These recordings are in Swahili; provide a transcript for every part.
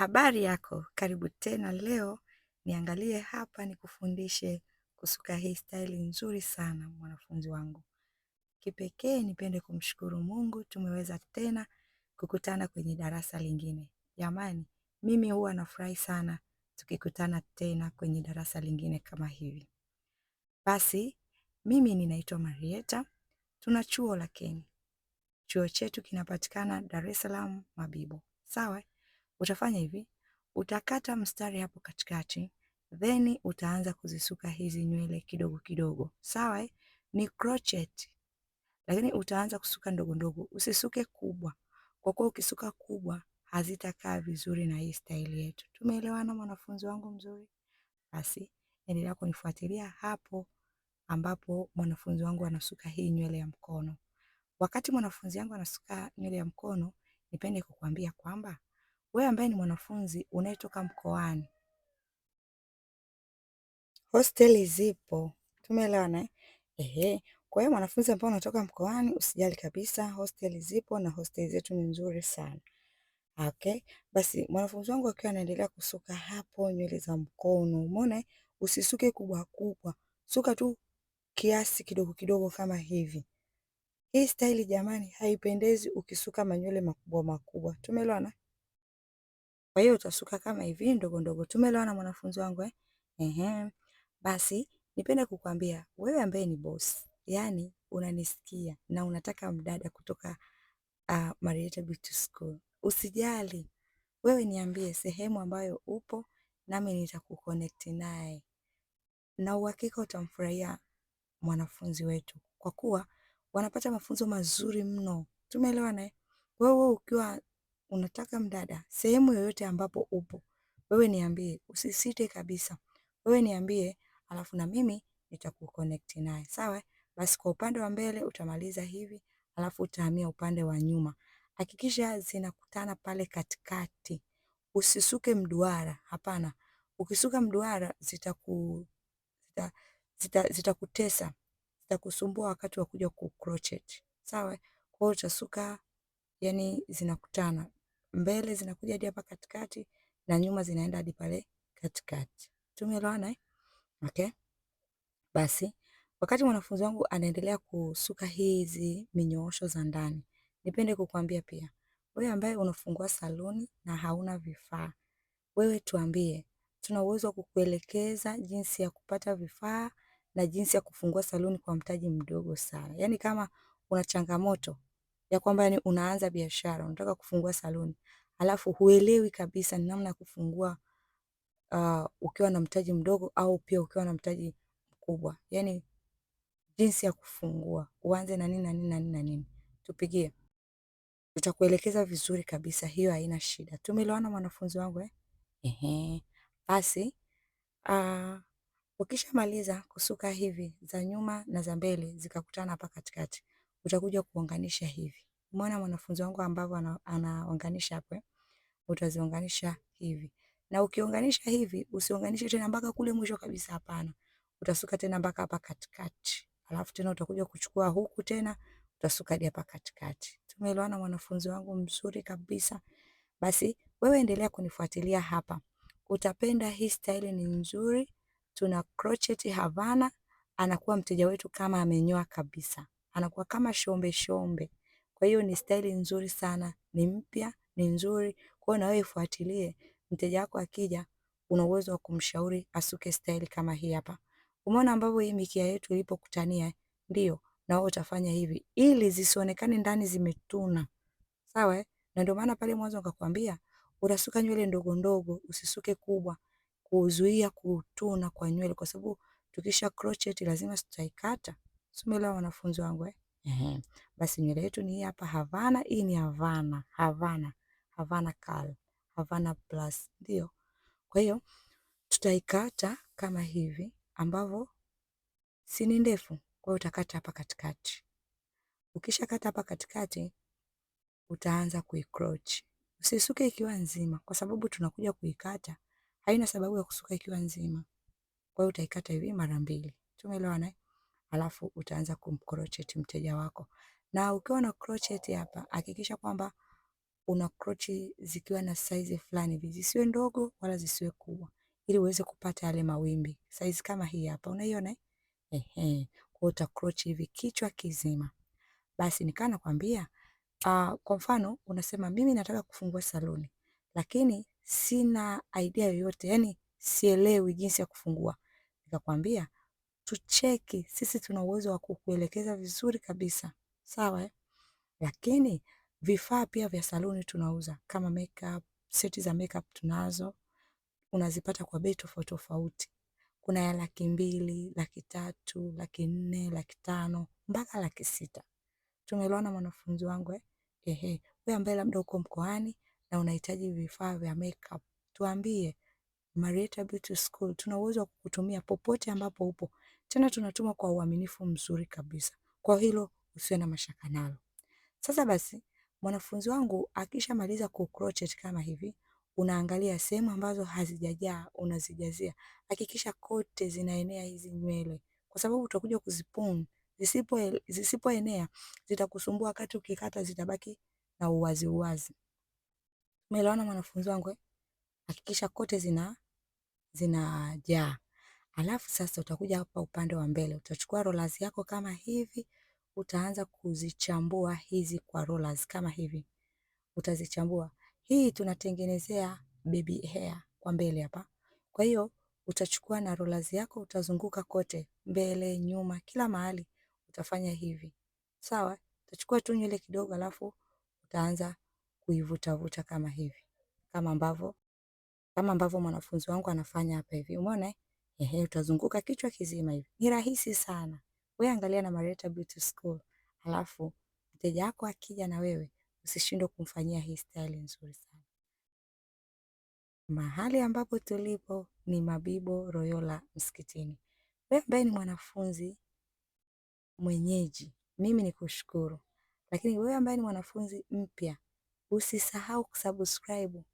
Habari yako, karibu tena. Leo niangalie hapa nikufundishe kusuka hii staili nzuri sana mwanafunzi wangu. Kipekee nipende kumshukuru Mungu, tumeweza tena kukutana kwenye darasa lingine. Jamani, mimi huwa nafurahi sana tukikutana tena kwenye darasa lingine kama hivi. Basi mimi ninaitwa Marieta, tuna chuo la Chuo chetu kinapatikana Dar es Salaam Mabibo, sawa Utafanya hivi, utakata mstari hapo katikati, then utaanza kuzisuka hizi nywele kidogo kidogo, sawa eh? Ni crochet, lakini utaanza kusuka ndogo ndogo, usisuke kubwa, kwa kuwa ukisuka kubwa hazitakaa vizuri na hii staili yetu. Tumeelewana mwanafunzi wangu mzuri? Basi endelea kunifuatilia hapo ambapo mwanafunzi wangu anasuka hii nywele ya mkono. Wakati mwanafunzi wangu anasuka nywele ya mkono, nipende kukuambia kwamba wewe ambaye ni mwanafunzi unayetoka mkoani, hosteli zipo, tumeelewana eh? ehe. Kwa hiyo mwanafunzi ambaye unatoka mkoani usijali kabisa, hosteli zipo na hosteli zetu ni nzuri sana. Okay, basi mwanafunzi wangu akiwa anaendelea kusuka hapo nywele za mkono, umeona, eh? usisuke kubwa kubwa, suka tu kiasi kidogo kidogo kama hivi. Hii staili jamani, haipendezi ukisuka manywele makubwa makubwa, tumeelewana. Kwa hiyo utasuka kama hivi ndogo ndogo. Tumeelewana mwanafunzi wangu eh? Ehe. Basi nipende kukwambia wewe ambaye ni boss, yani unanisikia na unataka mdada kutoka uh, Marieta Beauty School. Usijali. Wewe niambie sehemu ambayo upo nami nitakuconnect naye. Na uhakika utamfurahia mwanafunzi wetu kwa kuwa wanapata mafunzo mazuri mno. Tumeelewana eh? Wewe ukiwa unataka mdada sehemu yoyote ambapo upo wewe niambie, usisite kabisa, wewe niambie, alafu na mimi nitakuconnect naye sawa. Basi kwa upande wa mbele utamaliza hivi, alafu utahamia upande wa nyuma. Hakikisha zinakutana pale katikati, usisuke mduara. Hapana, ukisuka mduara zitaku zitakutesa zita, zita zitakusumbua wakati wa kuja ku crochet sawa. Kwa hiyo utasuka, yani zinakutana mbele zinakuja hadi hapa katikati na nyuma zinaenda hadi pale katikati. Tumeelewana eh? Okay. Basi wakati mwanafunzi wangu anaendelea kusuka hizi minyoosho za ndani, nipende kukuambia pia wewe ambaye unafungua saluni na hauna vifaa, wewe tuambie, tuna uwezo wa kukuelekeza jinsi ya kupata vifaa na jinsi ya kufungua saluni kwa mtaji mdogo sana. Yaani kama una changamoto ya kwamba yani unaanza biashara, unataka kufungua saluni, alafu huelewi kabisa ni namna ya kufungua uh, ukiwa na mtaji mdogo au pia ukiwa na mtaji mkubwa, yani jinsi ya kufungua, uanze na nini na nini na nini na nini, tupigie tutakuelekeza vizuri kabisa, hiyo haina shida. Tumeelewana mwanafunzi wangu eh? Ehe. Basi uh, ukishamaliza kusuka hivi za nyuma na za mbele zikakutana hapa katikati, utakuja kuunganisha hivi. Umeona mwanafunzi wangu ambavyo anaunganisha hapo, eh? utaziunganisha hivi. Na ukiunganisha hivi, usiunganishe tena mpaka kule mwisho kabisa, hapana. Utasuka tena mpaka hapa katikati. Alafu tena utakuja kuchukua huku tena utasuka hadi hapa katikati. Tumeelewana mwanafunzi wangu mzuri kabisa. Basi wewe endelea kunifuatilia hapa. Utapenda hii staili ni nzuri. Tuna crochet Havana anakuwa mteja wetu kama amenyoa kabisa anakuwa kama shombe shombe. Kwa hiyo ni staili nzuri sana, ni mpya, ni nzuri. Kwa hiyo na wewe ifuatilie, mteja wako akija, una uwezo wa kumshauri asuke staili kama hii hapa. Umeona ambavyo hii mikia yetu ilipokutania? Ndio, na wewe utafanya hivi ili zisionekane ndani zimetuna. Sawa eh? Na ndio maana pale mwanzo nikakwambia unasuka nywele ndogo ndogo, usisuke kubwa kuzuia kutuna kwa nywele kwa sababu tukisha crochet lazima tutaikata. Sumeelewa wanafunzi wangu eh? Ehe. Basi nywele yetu ni hii hapa Havana. Hii ni Havana, Havana, Havana curl, Havana plus, ndio. Kwa hiyo tutaikata kama hivi ambavyo si ni ndefu, kwa hiyo utakata hapa katikati. Ukishakata hapa katikati, utaanza kuicroch. Usisuke ikiwa nzima, kwa sababu tunakuja kuikata, haina sababu ya kusuka ikiwa nzima. Kwa hiyo utaikata hivi mara mbili. Tumeelewana? eh? alafu utaanza kumcrochet mteja wako. Na ukiwa na crochet hapa, hakikisha kwamba una crochet zikiwa na size fulani hivi, zisiwe ndogo wala zisiwe kubwa, ili uweze kupata yale mawimbi. Size kama hii hapa, unaiona ehe. Kwa uta crochet hivi kichwa kizima. Basi nikaa nakwambia uh, kwa mfano unasema mimi nataka kufungua saluni lakini sina idea yoyote, yani sielewi jinsi ya kufungua, nikakwambia tucheki, sisi tuna uwezo wa kukuelekeza vizuri kabisa, sawa eh? Lakini vifaa pia vya saluni tunauza kama makeup, seti za makeup tunazo, unazipata kwa bei tofauti tofauti. Kuna ya laki mbili, laki tatu, laki nne, laki tano mpaka laki sita. Tumeelewana mwanafunzi wangu eh? Ehe, wewe ambaye labda uko mkoani na unahitaji vifaa vya makeup, tuambie Marieta Beauty School tuna uwezo wa kukutumia popote ambapo upo, tena tunatuma kwa uaminifu mzuri kabisa. Kwa hilo usiwe na mashaka nalo. Sasa basi, mwanafunzi wangu akishamaliza kucrochet kama hivi, unaangalia sehemu ambazo hazijajaa unazijazia. Hakikisha kote zinaenea hizi nywele, kwa sababu utakuja kuzipon. Zisipo zisipoenea zitakusumbua wakati ukikata, zitabaki na uwazi uwazi. Umeelewana mwanafunzi wangu eh? Hakikisha kote zina zinajaa. Alafu sasa utakuja hapa upande wa mbele utachukua rollers yako kama hivi, utaanza kuzichambua hizi kwa rollers kama hivi. Utazichambua. Hii tunatengenezea baby hair kwa mbele hapa. Kwa hiyo utachukua na rollers yako utazunguka kote, mbele, nyuma, kila mahali utafanya hivi. Sawa? Utachukua tu nywele kidogo alafu utaanza kuivuta vuta kama hivi. Kama ambavyo kama ambavyo mwanafunzi wangu anafanya hapa hivi. Umeona? Eh? Ehe, utazunguka kichwa kizima hivi. Ni rahisi sana. Wewe angalia na Marietha Beauty School. Alafu mteja wako akija na wewe usishindwe kumfanyia hii style nzuri sana. Mahali ambapo tulipo ni Mabibo Royola Msikitini. Wewe ambaye ni mwanafunzi mwenyeji, mimi ni kushukuru, lakini wewe ambaye ni mwanafunzi mpya usisahau kusubscribe.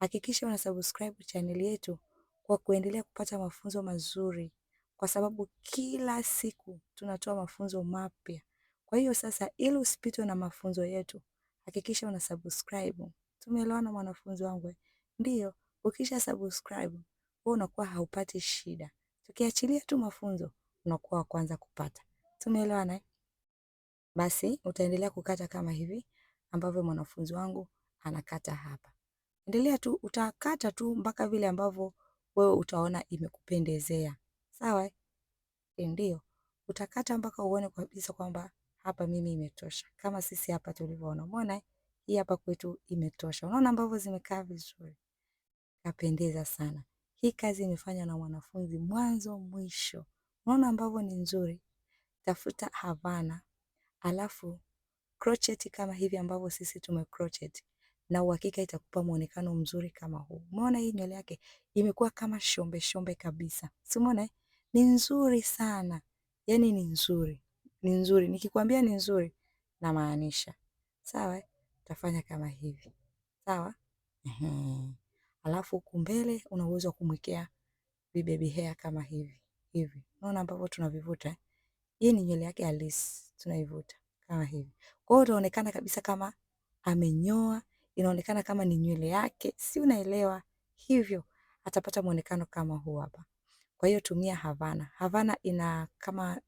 Hakikisha una subscribe chaneli yetu kwa kuendelea kupata mafunzo mazuri, kwa sababu kila siku tunatoa mafunzo mapya. Kwa hiyo sasa, ili usipitwe na mafunzo yetu, hakikisha una subscribe. Tumeelewana mwanafunzi wangu? Ndio, ukisha subscribe wewe unakuwa haupati shida, tukiachilia tu mafunzo unakuwa wa kwanza kupata. Tumeelewana? Basi utaendelea kukata kama hivi ambavyo mwanafunzi wangu anakata hapa. Endelea tu, utakata tu mpaka vile ambavyo wewe utaona imekupendezea. Sawa? Eh, ndio. Utakata mpaka uone kabisa kwamba hapa mimi imetosha. Kama sisi hapa tulivyoona. Umeona hii hapa kwetu imetosha. Unaona ambavyo zimekaa vizuri. Kapendeza sana. Hii kazi imefanywa na mwanafunzi mwanzo mwisho. Unaona ambavyo ni nzuri. Tafuta Havana. Alafu crochet kama hivi ambavyo sisi tumecrochet na uhakika itakupa muonekano mzuri kama huu. Umeona hii nywele yake imekuwa kama shombe shombe kabisa, si umeona? Eh? Ni nzuri sana, yani ni nzuri, ni nzuri. Nikikwambia ni nzuri namaanisha, sawa? Eh? Utafanya kama hivi, sawa? Alafu huku mbele una uwezo wa kumwekea vibebi hea kama hivi hivi, unaona ambavyo tunavivuta. Eh? Hii ni nywele yake halisi, tunaivuta kama hivi. Kwa hiyo utaonekana kabisa kama amenyoa inaonekana kama ni nywele yake, si unaelewa? Hivyo atapata mwonekano kama huu hapa. Kwa hiyo tumia Havana. Havana ina kama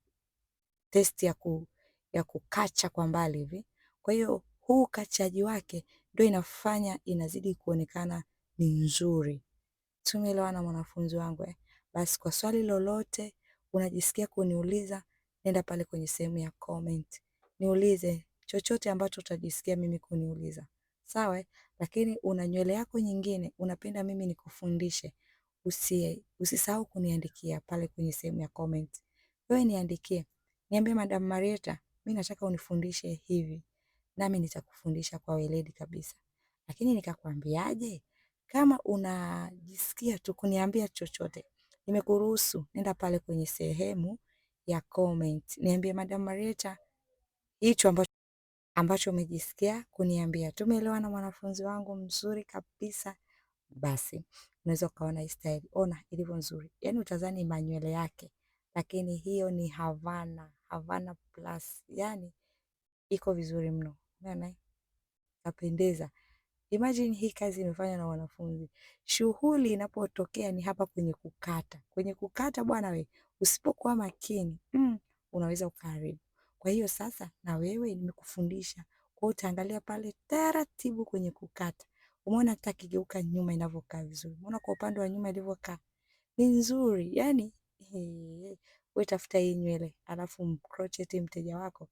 testi ya, ku, ya kukacha kwa mbali hivi. Kwa hiyo huu kachaji wake ndio inafanya inazidi kuonekana ni nzuri. Tumeelewana mwanafunzi wangu eh? Basi kwa swali lolote unajisikia kuniuliza, nenda pale kwenye sehemu ya comment niulize chochote ambacho utajisikia mimi kuniuliza sawa, lakini una nywele yako nyingine unapenda mimi nikufundishe, usie usisahau kuniandikia pale kwenye sehemu ya comment. Wewe niandikie, niambie Madam Marietha, mimi nataka unifundishe hivi, nami nitakufundisha kwa weledi kabisa. Lakini nikakwambiaje? Kama unajisikia tu kuniambia chochote, nimekuruhusu nenda pale kwenye sehemu ya comment, niambie Madam Marietha hicho ambacho ambacho umejisikia kuniambia. tumeelewa na mwanafunzi wangu mzuri kabisa. Basi unaweza ukaona hii staili, ona ilivyo nzuri, yaani utazani manywele yake, lakini hiyo ni Havana, Havana plus, yani iko vizuri mno, unaona kapendeza. Imagine hii kazi imefanywa na wanafunzi. Shughuli inapotokea ni hapa kwenye kukata, kwenye kukata bwana, we usipokuwa makini mm, unaweza ukaharibu. Kwa hiyo sasa na wewe nimekufundisha kwa, utaangalia pale taratibu kwenye kukata. Umeona hata kigeuka nyuma inavyokaa vizuri, umeona kwa upande wa nyuma ilivyokaa ni nzuri yani. wewe tafuta hii nywele alafu mcrochet mteja wako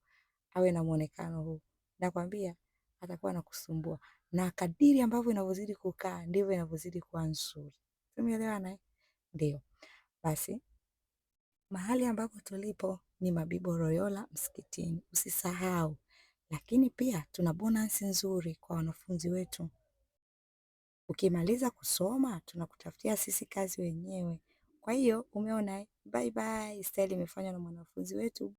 awe na muonekano huu, nakwambia atakuwa anakusumbua, na kadiri ambavyo inavyozidi kukaa ndivyo inavyozidi kuwa nzuri. Umeelewana naye eh? Ndio basi. Mahali ambapo tulipo ni Mabibo Royola msikitini usisahau, lakini pia tuna bonasi nzuri kwa wanafunzi wetu. Ukimaliza kusoma tunakutafutia sisi kazi wenyewe. Kwa hiyo umeona, bye bye staili imefanywa na mwanafunzi wetu.